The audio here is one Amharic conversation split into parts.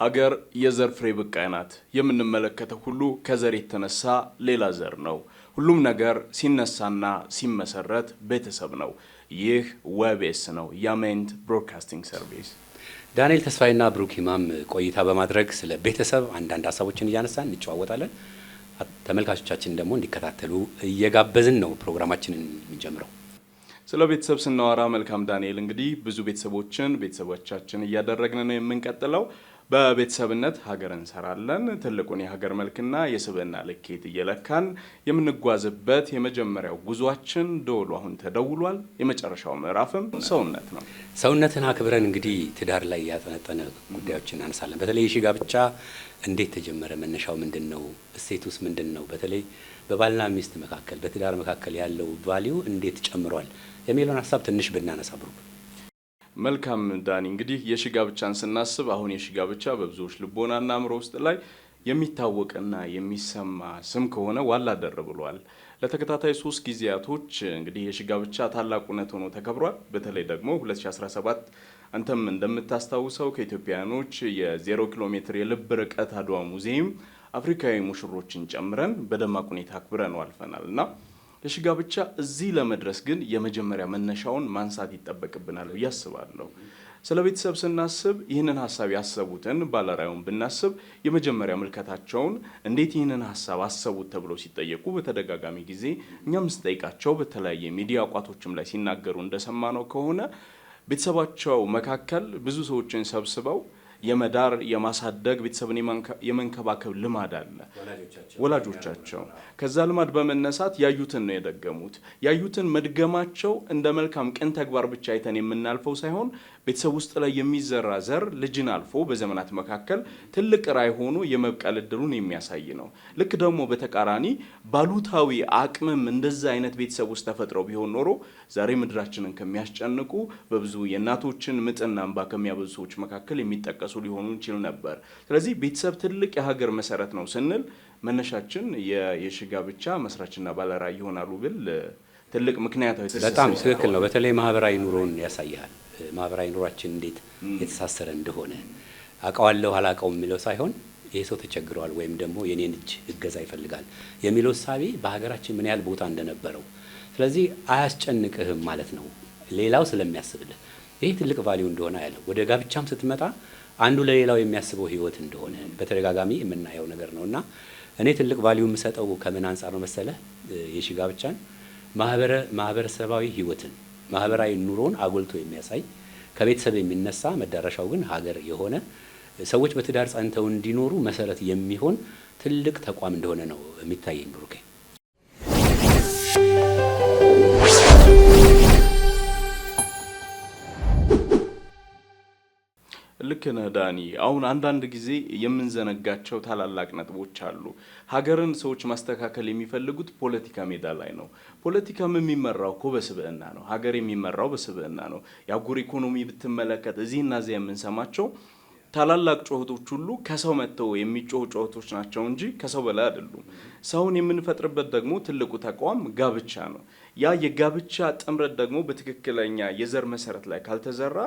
ሀገር የዘር ፍሬ ብቃይ ናት። የምንመለከተው ሁሉ ከዘር የተነሳ ሌላ ዘር ነው። ሁሉም ነገር ሲነሳና ሲመሰረት ቤተሰብ ነው። ይህ ዌብስ ነው፣ የአሜንት ብሮድካስቲንግ ሰርቪስ። ዳንኤል ተስፋዬና ብሩክ ማም ቆይታ በማድረግ ስለ ቤተሰብ አንዳንድ ሀሳቦችን እያነሳን እንጨዋወጣለን። ተመልካቾቻችን ደግሞ እንዲከታተሉ እየጋበዝን ነው ፕሮግራማችንን የምንጀምረው። ስለ ቤተሰብ ስናወራ መልካም ዳንኤል፣ እንግዲህ ብዙ ቤተሰቦችን ቤተሰቦቻችን እያደረግን ነው የምንቀጥለው በቤተሰብነት ሀገር እንሰራለን። ትልቁን የሀገር መልክና የስብዕና ልኬት እየለካን የምንጓዝበት የመጀመሪያው ጉዟችን ደወሉ አሁን ተደውሏል። የመጨረሻው ምዕራፍም ሰውነት ነው። ሰውነትን አክብረን እንግዲህ ትዳር ላይ ያጠነጠነ ጉዳዮችን እናነሳለን። በተለይ የሺ ጋብቻ እንዴት ተጀመረ? መነሻው ምንድን ነው? እሴቱስ ምንድን ነው? በተለይ በባልና ሚስት መካከል በትዳር መካከል ያለው ቫሊዩ እንዴት ጨምሯል የሚለውን ሀሳብ ትንሽ ብናነሳ ብሩ መልካም ዳኒ፣ እንግዲህ የሽጋ ብቻን ስናስብ አሁን የሽጋ ብቻ በብዙዎች ልቦናና አእምሮ ውስጥ ላይ የሚታወቅና የሚሰማ ስም ከሆነ ዋላ ደር ብሏል። ለተከታታይ ሶስት ጊዜያቶች እንግዲህ የሽጋ ብቻ ታላቅ እውነት ሆኖ ተከብሯል። በተለይ ደግሞ 2017 አንተም እንደምታስታውሰው ከኢትዮጵያውያኖች የዜሮ ኪሎ ሜትር የልብ ርቀት አድዋ ሙዚየም አፍሪካዊ ሙሽሮችን ጨምረን በደማቅ ሁኔታ አክብረን አልፈናል እና ለሽጋ ብቻ እዚህ ለመድረስ ግን የመጀመሪያ መነሻውን ማንሳት ይጠበቅብናል ብዬ አስባለሁ። ስለ ቤተሰብ ስናስብ ይህንን ሀሳብ ያሰቡትን ባለራዩን ብናስብ የመጀመሪያ ምልከታቸውን እንዴት ይህንን ሀሳብ አሰቡት ተብለው ሲጠየቁ በተደጋጋሚ ጊዜ እኛም ስጠይቃቸው በተለያየ ሚዲያ ቋቶችም ላይ ሲናገሩ እንደሰማነው ከሆነ ቤተሰባቸው መካከል ብዙ ሰዎችን ሰብስበው የመዳር የማሳደግ ቤተሰብን የመንከባከብ ልማድ አለ ወላጆቻቸው። ከዛ ልማድ በመነሳት ያዩትን ነው የደገሙት። ያዩትን መድገማቸው እንደ መልካም ቅን ተግባር ብቻ አይተን የምናልፈው ሳይሆን ቤተሰብ ውስጥ ላይ የሚዘራ ዘር ልጅን አልፎ በዘመናት መካከል ትልቅ ራዕይ ሆኖ የመብቀል እድሉን የሚያሳይ ነው። ልክ ደግሞ በተቃራኒ ባሉታዊ አቅምም እንደዛ አይነት ቤተሰብ ውስጥ ተፈጥረው ቢሆን ኖሮ ዛሬ ምድራችንን ከሚያስጨንቁ በብዙ የእናቶችን ምጥና እንባ ከሚያበዙ ሰዎች መካከል የሚጠቀሱ የሚጠቀሱ ሊሆኑ ይችሉ ነበር። ስለዚህ ቤተሰብ ትልቅ የሀገር መሰረት ነው ስንል መነሻችን የሽጋ ብቻ መስራችና ባለራዕይ ይሆናሉ ብል ትልቅ ምክንያታዊ በጣም ትክክል ነው። በተለይ ማህበራዊ ኑሮን ያሳያል። ማህበራዊ ኑሯችን እንዴት የተሳሰረ እንደሆነ አውቀዋለሁ አላውቀውም የሚለው ሳይሆን ይህ ሰው ተቸግረዋል ወይም ደግሞ የኔን እጅ እገዛ ይፈልጋል የሚለው እሳቤ በሀገራችን ምን ያህል ቦታ እንደነበረው፣ ስለዚህ አያስጨንቅህም ማለት ነው ሌላው ስለሚያስብልህ። ይህ ትልቅ ቫሊዩ እንደሆነ ያለው ወደ ጋብቻም ስትመጣ አንዱ ለሌላው የሚያስበው ህይወት እንደሆነ በተደጋጋሚ የምናየው ነገር ነው እና እኔ ትልቅ ቫሊዩ የምሰጠው ከምን አንጻር ነው መሰለ የሺ ጋብቻን ማህበረሰባዊ ህይወትን ማህበራዊ ኑሮን አጎልቶ የሚያሳይ ከቤተሰብ የሚነሳ መዳረሻው ግን ሀገር የሆነ ሰዎች በትዳር ጸንተው እንዲኖሩ መሰረት የሚሆን ትልቅ ተቋም እንደሆነ ነው የሚታየኝ ብሩኬ። ልክ ነህ ዳኒ። አሁን አንዳንድ ጊዜ የምንዘነጋቸው ታላላቅ ነጥቦች አሉ። ሀገርን ሰዎች ማስተካከል የሚፈልጉት ፖለቲካ ሜዳ ላይ ነው። ፖለቲካም የሚመራው እኮ በስብዕና ነው። ሀገር የሚመራው በስብዕና ነው። የአጉር ኢኮኖሚ ብትመለከት እዚህና እዚያ የምንሰማቸው ታላላቅ ጩኸቶች ሁሉ ከሰው መጥተው የሚጮሁ ጩኸቶች ናቸው እንጂ ከሰው በላይ አይደሉም። ሰውን የምንፈጥርበት ደግሞ ትልቁ ተቋም ጋብቻ ነው። ያ የጋብቻ ጥምረት ደግሞ በትክክለኛ የዘር መሰረት ላይ ካልተዘራ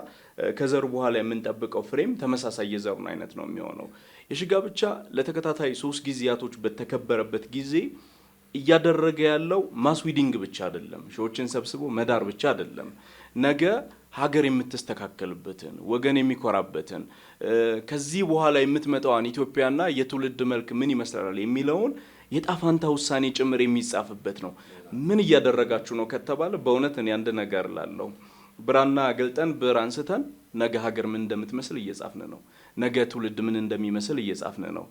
ከዘሩ በኋላ የምንጠብቀው ፍሬም ተመሳሳይ የዘሩን አይነት ነው የሚሆነው። የሺ ጋብቻ ለተከታታይ ሶስት ጊዜያቶች በተከበረበት ጊዜ እያደረገ ያለው ማስዊዲንግ ብቻ አይደለም፣ ሺዎችን ሰብስቦ መዳር ብቻ አይደለም ነገ ሀገር የምትስተካከልበትን ወገን የሚኮራበትን ከዚህ በኋላ የምትመጣዋን ኢትዮጵያና የትውልድ መልክ ምን ይመስላል የሚለውን የጣፋንታ ውሳኔ ጭምር የሚጻፍበት ነው። ምን እያደረጋችሁ ነው ከተባለ በእውነት እኔ አንድ ነገር ላለው ብራና ገልጠን ብር አንስተን ነገ ሀገር ምን እንደምትመስል እየጻፍን ነው። ነገ ትውልድ ምን እንደሚመስል እየጻፍን ነው።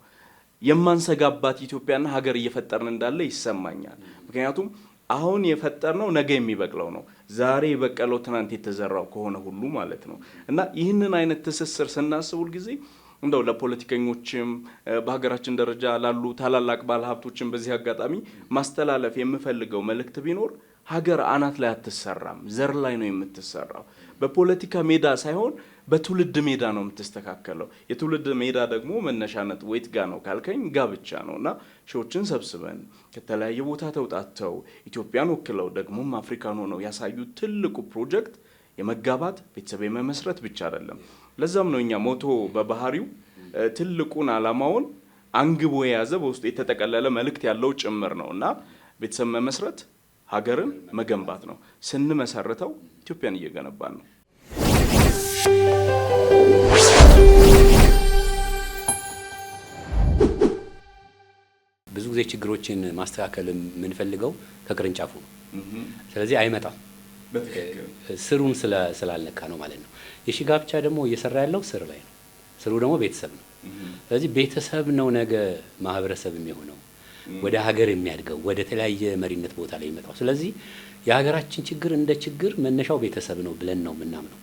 የማንሰጋባት ኢትዮጵያና ሀገር እየፈጠርን እንዳለ ይሰማኛል። ምክንያቱም አሁን የፈጠርነው ነገ የሚበቅለው ነው። ዛሬ የበቀለው ትናንት የተዘራው ከሆነ ሁሉ ማለት ነው እና ይህንን አይነት ትስስር ስናስቡል ጊዜ። እንደው ለፖለቲከኞችም በሀገራችን ደረጃ ላሉ ታላላቅ ባለሀብቶችም በዚህ አጋጣሚ ማስተላለፍ የምፈልገው መልእክት ቢኖር ሀገር አናት ላይ አትሰራም፣ ዘር ላይ ነው የምትሰራው። በፖለቲካ ሜዳ ሳይሆን በትውልድ ሜዳ ነው የምትስተካከለው። የትውልድ ሜዳ ደግሞ መነሻነት ወይት ጋ ነው ካልከኝ ጋብቻ ነው እና ሺዎችን ሰብስበን ከተለያየ ቦታ ተውጣተው ኢትዮጵያን ወክለው ደግሞም አፍሪካን ሆነው ያሳዩ ትልቁ ፕሮጀክት የመጋባት ቤተሰብ የመመስረት ብቻ አይደለም። ለዛም ነው እኛ ሞቶ በባህሪው ትልቁን አላማውን አንግቦ የያዘ በውስጡ የተጠቀለለ መልእክት ያለው ጭምር ነው እና ቤተሰብ መመስረት ሀገርን መገንባት ነው። ስንመሰርተው ኢትዮጵያን እየገነባን ነው። ብዙ ጊዜ ችግሮችን ማስተካከል የምንፈልገው ከቅርንጫፉ ነው። ስለዚህ አይመጣም ስሩን ስላለካ ነው ማለት ነው። የሺ ጋብቻ ደግሞ እየሰራ ያለው ስር ላይ ነው። ስሩ ደግሞ ቤተሰብ ነው። ስለዚህ ቤተሰብ ነው ነገ ማህበረሰብ የሚሆነው ወደ ሀገር የሚያድገው ወደ ተለያየ መሪነት ቦታ ላይ የሚመጣው። ስለዚህ የሀገራችን ችግር እንደ ችግር መነሻው ቤተሰብ ነው ብለን ነው የምናምነው።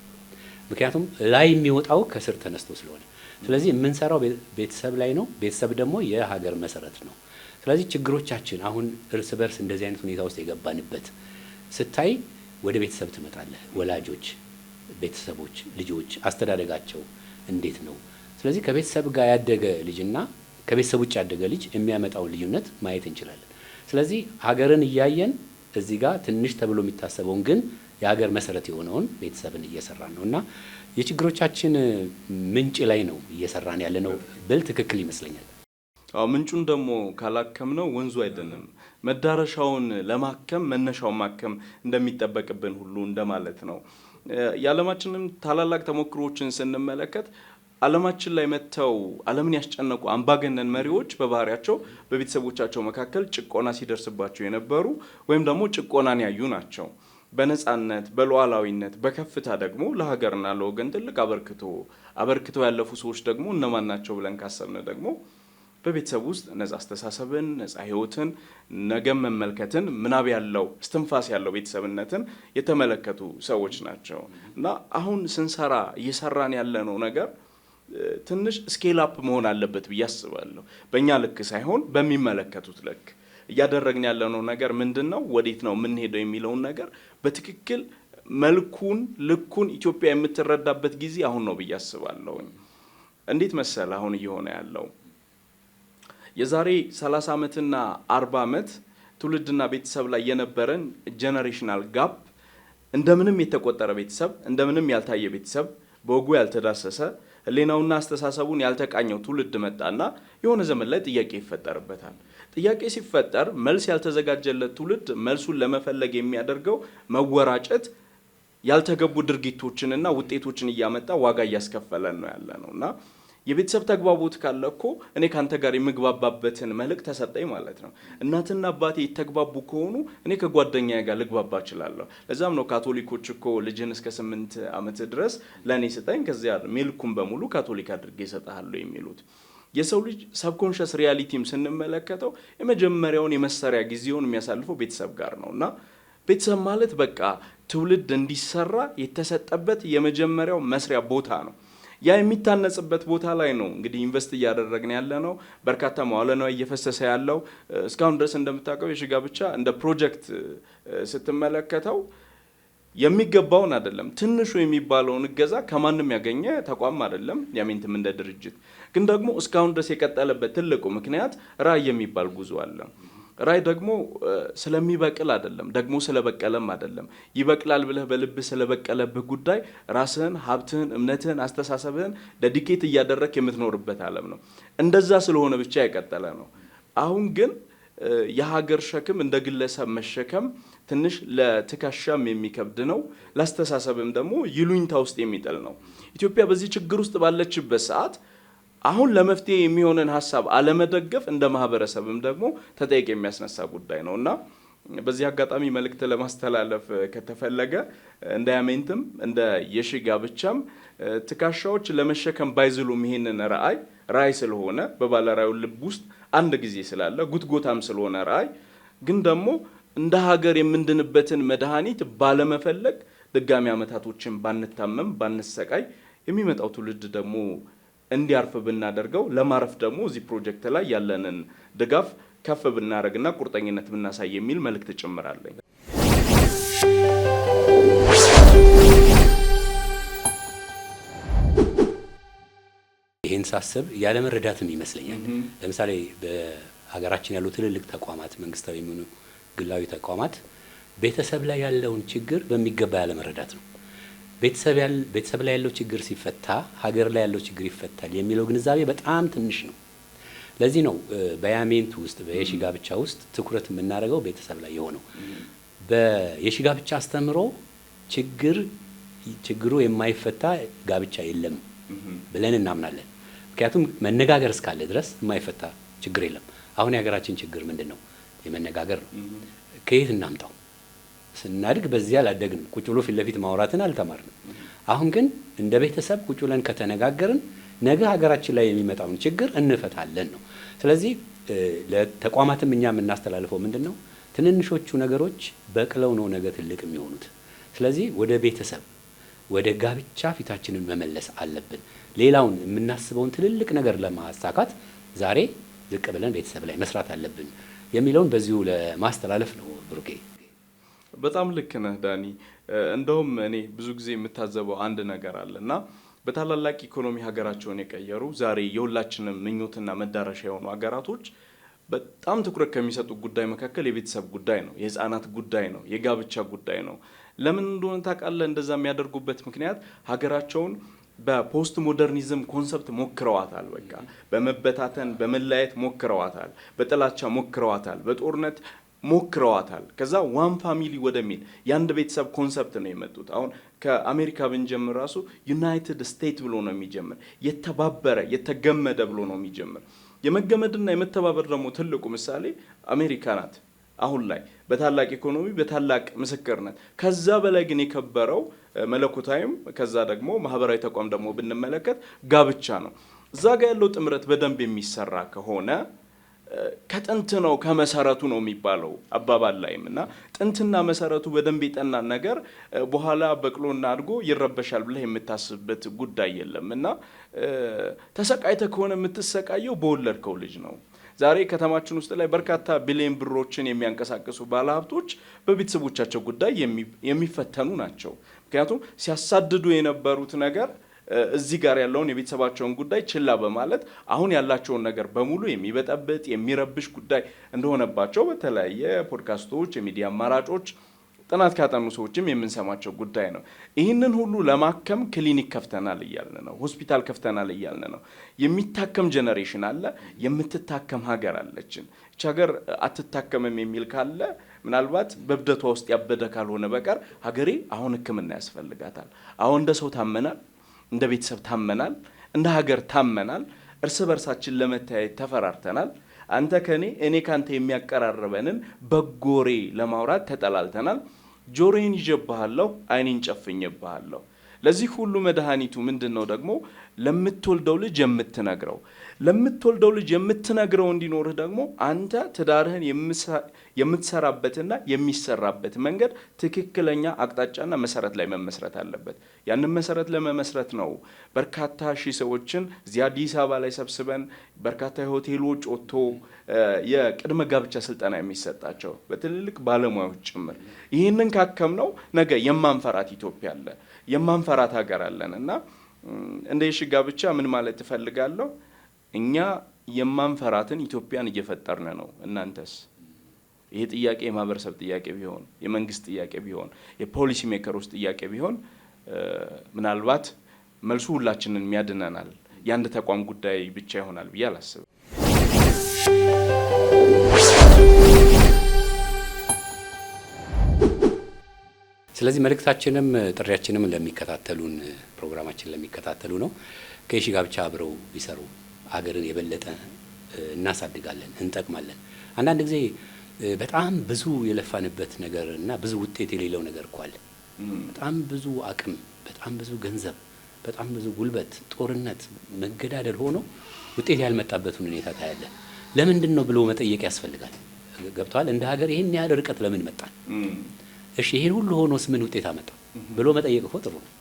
ምክንያቱም ላይ የሚወጣው ከስር ተነስቶ ስለሆነ፣ ስለዚህ የምንሰራው ቤተሰብ ላይ ነው። ቤተሰብ ደግሞ የሀገር መሰረት ነው። ስለዚህ ችግሮቻችን አሁን እርስ በርስ እንደዚህ አይነት ሁኔታ ውስጥ የገባንበት ስታይ ወደ ቤተሰብ ትመጣለህ። ወላጆች፣ ቤተሰቦች፣ ልጆች አስተዳደጋቸው እንዴት ነው? ስለዚህ ከቤተሰብ ጋር ያደገ ልጅና ከቤተሰብ ውጭ ያደገ ልጅ የሚያመጣውን ልዩነት ማየት እንችላለን። ስለዚህ ሀገርን እያየን እዚህ ጋር ትንሽ ተብሎ የሚታሰበውን ግን የሀገር መሰረት የሆነውን ቤተሰብን እየሰራን ነው እና የችግሮቻችን ምንጭ ላይ ነው እየሰራን ያለ ነው ብል ትክክል ይመስለኛል። ምንጩን ደግሞ ካላከምነው ወንዙ አይደለም መዳረሻውን ለማከም መነሻውን ማከም እንደሚጠበቅብን ሁሉ እንደማለት ነው። የዓለማችንም ታላላቅ ተሞክሮዎችን ስንመለከት ዓለማችን ላይ መጥተው ዓለምን ያስጨነቁ አምባገነን መሪዎች በባህሪያቸው በቤተሰቦቻቸው መካከል ጭቆና ሲደርስባቸው የነበሩ ወይም ደግሞ ጭቆናን ያዩ ናቸው። በነፃነት በሉዓላዊነት በከፍታ ደግሞ ለሀገርና ለወገን ትልቅ አበርክቶ አበርክተው ያለፉ ሰዎች ደግሞ እነማን ናቸው ብለን ካሰብን ደግሞ በቤተሰብ ውስጥ ነጻ አስተሳሰብን፣ ነጻ ህይወትን፣ ነገም መመልከትን፣ ምናብ ያለው እስትንፋስ ያለው ቤተሰብነትን የተመለከቱ ሰዎች ናቸው እና አሁን ስንሰራ እየሰራን ያለነው ነገር ትንሽ ስኬል አፕ መሆን አለበት ብዬ አስባለሁ። በእኛ ልክ ሳይሆን በሚመለከቱት ልክ እያደረግን ያለነው ነገር ምንድን ነው፣ ወዴት ነው የምንሄደው የሚለውን ነገር በትክክል መልኩን ልኩን ኢትዮጵያ የምትረዳበት ጊዜ አሁን ነው ብዬ አስባለሁኝ። እንዴት መሰል አሁን እየሆነ ያለው የዛሬ 30 ዓመትና 40 ዓመት ትውልድና ቤተሰብ ላይ የነበረን ጀነሬሽናል ጋፕ እንደምንም የተቆጠረ ቤተሰብ እንደምንም ያልታየ ቤተሰብ በወጉ ያልተዳሰሰ ህሌናውና አስተሳሰቡን ያልተቃኘው ትውልድ መጣና የሆነ ዘመን ላይ ጥያቄ ይፈጠርበታል። ጥያቄ ሲፈጠር መልስ ያልተዘጋጀለት ትውልድ መልሱን ለመፈለግ የሚያደርገው መወራጨት ያልተገቡ ድርጊቶችንና ውጤቶችን እያመጣ ዋጋ እያስከፈለን ነው ያለ ነው እና የቤተሰብ ተግባቦት ካለ እኮ እኔ ከአንተ ጋር የምግባባበትን መልእክት ተሰጠኝ ማለት ነው። እናትና አባቴ የተግባቡ ከሆኑ እኔ ከጓደኛ ጋር ልግባባ እችላለሁ። ለዛም ነው ካቶሊኮች እኮ ልጅን እስከ ስምንት ዓመት ድረስ ለእኔ ስጠኝ፣ ከዚያ ሚልኩን በሙሉ ካቶሊክ አድርጌ እሰጥሃለሁ የሚሉት። የሰው ልጅ ሰብኮንሽስ ሪያሊቲም ስንመለከተው የመጀመሪያውን የመሰሪያ ጊዜውን የሚያሳልፈው ቤተሰብ ጋር ነው እና ቤተሰብ ማለት በቃ ትውልድ እንዲሰራ የተሰጠበት የመጀመሪያው መስሪያ ቦታ ነው። ያ የሚታነጽበት ቦታ ላይ ነው እንግዲህ ኢንቨስት እያደረግን ያለ ነው። በርካታ መዋለ ንዋይ እየፈሰሰ ያለው እስካሁን ድረስ እንደምታውቀው የሽጋ ብቻ እንደ ፕሮጀክት ስትመለከተው የሚገባውን አይደለም። ትንሹ የሚባለውን እገዛ ከማንም ያገኘ ተቋም አይደለም። ያሜንትም እንደ ድርጅት ግን ደግሞ እስካሁን ድረስ የቀጠለበት ትልቁ ምክንያት ራዕይ የሚባል ጉዞ አለ። ራይ ደግሞ ስለሚበቅል አይደለም፣ ደግሞ ስለበቀለም አይደለም። ይበቅላል ብለህ በልብህ ስለበቀለብህ ጉዳይ ራስህን፣ ሀብትህን፣ እምነትህን፣ አስተሳሰብህን ደዲኬት እያደረግ የምትኖርበት ዓለም ነው። እንደዛ ስለሆነ ብቻ የቀጠለ ነው። አሁን ግን የሀገር ሸክም እንደ ግለሰብ መሸከም ትንሽ ለትከሻም የሚከብድ ነው። ለአስተሳሰብም ደግሞ ይሉኝታ ውስጥ የሚጥል ነው። ኢትዮጵያ በዚህ ችግር ውስጥ ባለችበት ሰዓት አሁን ለመፍትሄ የሚሆንን ሀሳብ አለመደገፍ እንደ ማህበረሰብም ደግሞ ተጠያቂ የሚያስነሳ ጉዳይ ነው እና በዚህ አጋጣሚ መልእክት ለማስተላለፍ ከተፈለገ እንደ ያሜንትም እንደ የሺ ጋብቻም ትከሻዎች ለመሸከም ባይዝሉም ይሄንን ራዕይ ራዕይ ስለሆነ በባለራዩ ልብ ውስጥ አንድ ጊዜ ስላለ ጉትጎታም ስለሆነ ራዕይ ግን ደግሞ እንደ ሀገር የምንድንበትን መድኃኒት ባለመፈለግ ድጋሚ ዓመታቶችን ባንታመም ባንሰቃይ የሚመጣው ትውልድ ደግሞ እንዲያርፍ ብናደርገው ለማረፍ ደግሞ እዚህ ፕሮጀክት ላይ ያለንን ድጋፍ ከፍ ብናደርግና ቁርጠኝነት ብናሳይ የሚል መልእክት ጭምራለኝ። ይህን ሳስብ ያለመረዳትም ይመስለኛል። ለምሳሌ በሀገራችን ያሉ ትልልቅ ተቋማት መንግስታዊ የሚሆኑ ግላዊ ተቋማት ቤተሰብ ላይ ያለውን ችግር በሚገባ ያለመረዳት ነው። ቤተሰብ ላይ ያለው ችግር ሲፈታ ሀገር ላይ ያለው ችግር ይፈታል የሚለው ግንዛቤ በጣም ትንሽ ነው። ለዚህ ነው በያሜንት ውስጥ በየሺ ጋብቻ ውስጥ ትኩረት የምናደርገው ቤተሰብ ላይ የሆነው። በየሺ ጋብቻ አስተምሮ ችግር ችግሩ የማይፈታ ጋብቻ የለም ብለን እናምናለን። ምክንያቱም መነጋገር እስካለ ድረስ የማይፈታ ችግር የለም። አሁን የሀገራችን ችግር ምንድን ነው? የመነጋገር ነው። ከየት እናምጣው? ስናድግ በዚያ አላደግንም። ቁጭ ብሎ ፊት ለፊት ማውራትን አልተማርንም። አሁን ግን እንደ ቤተሰብ ቁጭ ብለን ከተነጋገርን ነገ ሀገራችን ላይ የሚመጣውን ችግር እንፈታለን ነው። ስለዚህ ለተቋማትም እኛ የምናስተላልፈው ምንድን ነው? ትንንሾቹ ነገሮች በቅለው ነው ነገ ትልቅ የሚሆኑት። ስለዚህ ወደ ቤተሰብ ወደ ጋብቻ ፊታችንን መመለስ አለብን። ሌላውን የምናስበውን ትልልቅ ነገር ለማሳካት ዛሬ ዝቅ ብለን ቤተሰብ ላይ መስራት አለብን የሚለውን በዚሁ ለማስተላለፍ ነው ብሩኬ። በጣም ልክ ነህ ዳኒ። እንደውም እኔ ብዙ ጊዜ የምታዘበው አንድ ነገር አለ እና በታላላቅ ኢኮኖሚ ሀገራቸውን የቀየሩ ዛሬ የሁላችንም ምኞትና መዳረሻ የሆኑ ሀገራቶች በጣም ትኩረት ከሚሰጡ ጉዳይ መካከል የቤተሰብ ጉዳይ ነው፣ የህፃናት ጉዳይ ነው፣ የጋብቻ ጉዳይ ነው። ለምን እንደሆነ ታውቃለህ? እንደዛ የሚያደርጉበት ምክንያት ሀገራቸውን በፖስት ሞደርኒዝም ኮንሰፕት ሞክረዋታል። በቃ በመበታተን በመለያየት ሞክረዋታል፣ በጥላቻ ሞክረዋታል፣ በጦርነት ሞክረዋታል። ከዛ ዋን ፋሚሊ ወደሚል የአንድ ቤተሰብ ኮንሰፕት ነው የመጡት። አሁን ከአሜሪካ ብንጀምር ራሱ ዩናይትድ ስቴት ብሎ ነው የሚጀምር፣ የተባበረ የተገመደ ብሎ ነው የሚጀምር። የመገመድና የመተባበር ደግሞ ትልቁ ምሳሌ አሜሪካ ናት። አሁን ላይ በታላቅ ኢኮኖሚ በታላቅ ምስክርነት ከዛ በላይ ግን የከበረው መለኮታዊም ከዛ ደግሞ ማህበራዊ ተቋም ደግሞ ብንመለከት ጋብቻ ነው። እዛ ጋ ያለው ጥምረት በደንብ የሚሰራ ከሆነ ከጥንት ነው ከመሰረቱ ነው የሚባለው አባባል ላይም እና ጥንትና መሰረቱ በደንብ የጠናን ነገር በኋላ በቅሎና አድጎ ይረበሻል ብለህ የምታስብበት ጉዳይ የለም እና ተሰቃይተ ከሆነ የምትሰቃየው በወለድከው ልጅ ነው። ዛሬ ከተማችን ውስጥ ላይ በርካታ ቢሊዮን ብሮችን የሚያንቀሳቅሱ ባለሀብቶች በቤተሰቦቻቸው ጉዳይ የሚፈተኑ ናቸው። ምክንያቱም ሲያሳድዱ የነበሩት ነገር እዚህ ጋር ያለውን የቤተሰባቸውን ጉዳይ ችላ በማለት አሁን ያላቸውን ነገር በሙሉ የሚበጠብጥ የሚረብሽ ጉዳይ እንደሆነባቸው በተለያየ ፖድካስቶች፣ የሚዲያ አማራጮች ጥናት ካጠኑ ሰዎችም የምንሰማቸው ጉዳይ ነው። ይህንን ሁሉ ለማከም ክሊኒክ ከፍተናል እያልን ነው፣ ሆስፒታል ከፍተናል እያልን ነው። የሚታከም ጀነሬሽን አለ፣ የምትታከም ሀገር አለችን። ይቺ ሀገር አትታከምም የሚል ካለ ምናልባት በብደቷ ውስጥ ያበደ ካልሆነ በቀር ሀገሬ አሁን ሕክምና ያስፈልጋታል። አሁን እንደ ሰው ታመናል እንደ ቤተሰብ ታመናል፣ እንደ ሀገር ታመናል። እርስ በርሳችን ለመተያየት ተፈራርተናል። አንተ ከኔ እኔ ከአንተ የሚያቀራርበንን በጎሬ ለማውራት ተጠላልተናል። ጆሮዬን ይዤብሃለሁ፣ ዓይኔን ጨፍኜብሃለሁ። ለዚህ ሁሉ መድኃኒቱ ምንድን ነው? ደግሞ ለምትወልደው ልጅ የምትነግረው ለምትወልደው ልጅ የምትነግረው እንዲኖርህ ደግሞ አንተ ትዳርህን የምትሰራበትና የሚሰራበት መንገድ ትክክለኛ አቅጣጫና መሰረት ላይ መመስረት አለበት። ያንን መሰረት ለመመስረት ነው በርካታ ሺህ ሰዎችን እዚህ አዲስ አበባ ላይ ሰብስበን በርካታ የሆቴሎች ወጥቶ የቅድመ ጋብቻ ስልጠና የሚሰጣቸው በትልልቅ ባለሙያዎች ጭምር። ይህንን ካከም ነው ነገ የማንፈራት ኢትዮጵያ አለ የማንፈራት ሀገር አለን እና እንደ የሽጋ ብቻ ምን ማለት እፈልጋለሁ። እኛ የማንፈራትን ኢትዮጵያን እየፈጠርን ነው። እናንተስ? ይሄ ጥያቄ የማህበረሰብ ጥያቄ ቢሆን፣ የመንግስት ጥያቄ ቢሆን፣ የፖሊሲ ሜከሮች ጥያቄ ቢሆን ምናልባት መልሱ ሁላችንን ያድነናል። የአንድ ተቋም ጉዳይ ብቻ ይሆናል ብዬ አላስብም። ስለዚህ መልእክታችንም ጥሪያችንም ለሚከታተሉን ፕሮግራማችን ለሚከታተሉ ነው። ከሺ ጋብቻ አብረው ይሰሩ አገርን የበለጠ እናሳድጋለን፣ እንጠቅማለን። አንዳንድ ጊዜ በጣም ብዙ የለፋንበት ነገር እና ብዙ ውጤት የሌለው ነገር እኮ አለ። በጣም ብዙ አቅም፣ በጣም ብዙ ገንዘብ፣ በጣም ብዙ ጉልበት፣ ጦርነት፣ መገዳደል ሆኖ ውጤት ያልመጣበትን ሁኔታ ታያለ። ለምንድን ነው ብሎ መጠየቅ ያስፈልጋል። ገብተዋል። እንደ ሀገር ይህን ያህል ርቀት ለምን መጣን? እሺ ይህን ሁሉ ሆኖስ ምን ውጤት አመጣ ብሎ መጠየቅ እኮ ጥሩ ነው።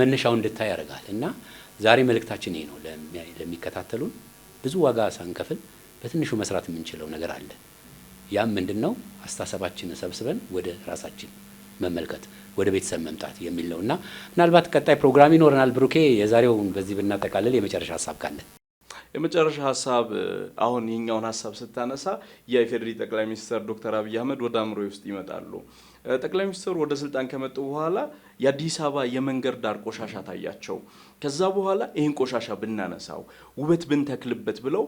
መነሻው እንድታይ ያደርጋል እና ዛሬ መልእክታችን ይሄ ነው። ለሚከታተሉን ብዙ ዋጋ ሳንከፍል በትንሹ መስራት የምንችለው ነገር አለ። ያም ምንድን ነው? አስተሳሰባችንን ሰብስበን ወደ ራሳችን መመልከት፣ ወደ ቤተሰብ መምጣት የሚል ነው እና ምናልባት ቀጣይ ፕሮግራም ይኖረናል። ብሩኬ፣ የዛሬውን በዚህ ብናጠቃልል የመጨረሻ ሀሳብ ካለ የመጨረሻ ሀሳብ አሁን ይህኛውን ሀሳብ ስታነሳ የኢፌዴሪ ጠቅላይ ሚኒስትር ዶክተር አብይ አህመድ ወደ አእምሮዬ ውስጥ ይመጣሉ። ጠቅላይ ሚኒስትሩ ወደ ስልጣን ከመጡ በኋላ የአዲስ አበባ የመንገድ ዳር ቆሻሻ ታያቸው። ከዛ በኋላ ይህን ቆሻሻ ብናነሳው ውበት ብንተክልበት ብለው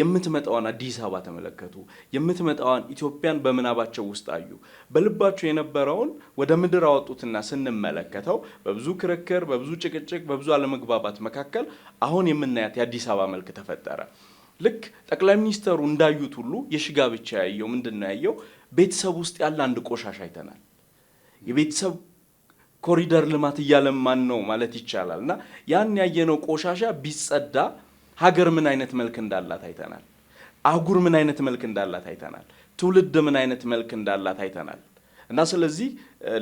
የምትመጣዋን አዲስ አበባ ተመለከቱ። የምትመጣዋን ኢትዮጵያን በምናባቸው ውስጥ አዩ። በልባቸው የነበረውን ወደ ምድር አወጡትና ስንመለከተው በብዙ ክርክር፣ በብዙ ጭቅጭቅ፣ በብዙ አለመግባባት መካከል አሁን የምናያት የአዲስ አበባ መልክ ተፈጠረ። ልክ ጠቅላይ ሚኒስተሩ እንዳዩት ሁሉ የሽጋ ብቻ ያየው ምንድን ነው ያየው? ቤተሰብ ውስጥ ያለ አንድ ቆሻሻ አይተናል። የቤተሰብ ኮሪደር ልማት እያለማን ነው ማለት ይቻላል። እና ያን ያየነው ቆሻሻ ቢጸዳ ሀገር ምን አይነት መልክ እንዳላት አይተናል። አህጉር ምን አይነት መልክ እንዳላት አይተናል። ትውልድ ምን አይነት መልክ እንዳላት አይተናል። እና ስለዚህ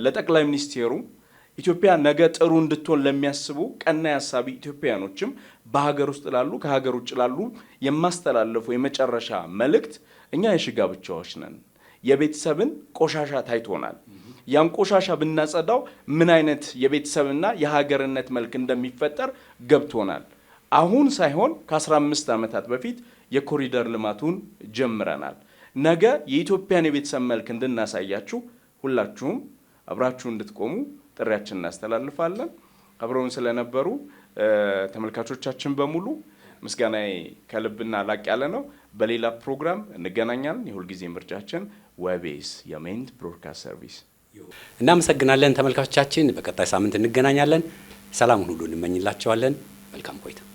ለጠቅላይ ሚኒስቴሩ ኢትዮጵያ ነገ ጥሩ እንድትሆን ለሚያስቡ ቀና ያሳቢ ኢትዮጵያውያኖችም በሀገር ውስጥ ላሉ ከሀገር ውጭ ላሉ የማስተላለፉ የመጨረሻ መልእክት እኛ የሽጋ ብቻዎች ነን። የቤተሰብን ቆሻሻ ታይቶናል። ያን ቆሻሻ ብናጸዳው ምን አይነት የቤተሰብና የሀገርነት መልክ እንደሚፈጠር ገብቶናል። አሁን ሳይሆን ከ15 ዓመታት በፊት የኮሪደር ልማቱን ጀምረናል። ነገ የኢትዮጵያን የቤተሰብ መልክ እንድናሳያችሁ ሁላችሁም አብራችሁ እንድትቆሙ ጥሪያችን እናስተላልፋለን። አብረውን ስለነበሩ ተመልካቾቻችን በሙሉ ምስጋናዬ ከልብና ላቅ ያለ ነው። በሌላ ፕሮግራም እንገናኛለን። የሁልጊዜ ምርጫችን ዌቤስ የሜንት ብሮድካስት ሰርቪስ። እናመሰግናለን ተመልካቾቻችን። በቀጣይ ሳምንት እንገናኛለን። ሰላሙን ሁሉ እንመኝላቸዋለን። መልካም ቆይታ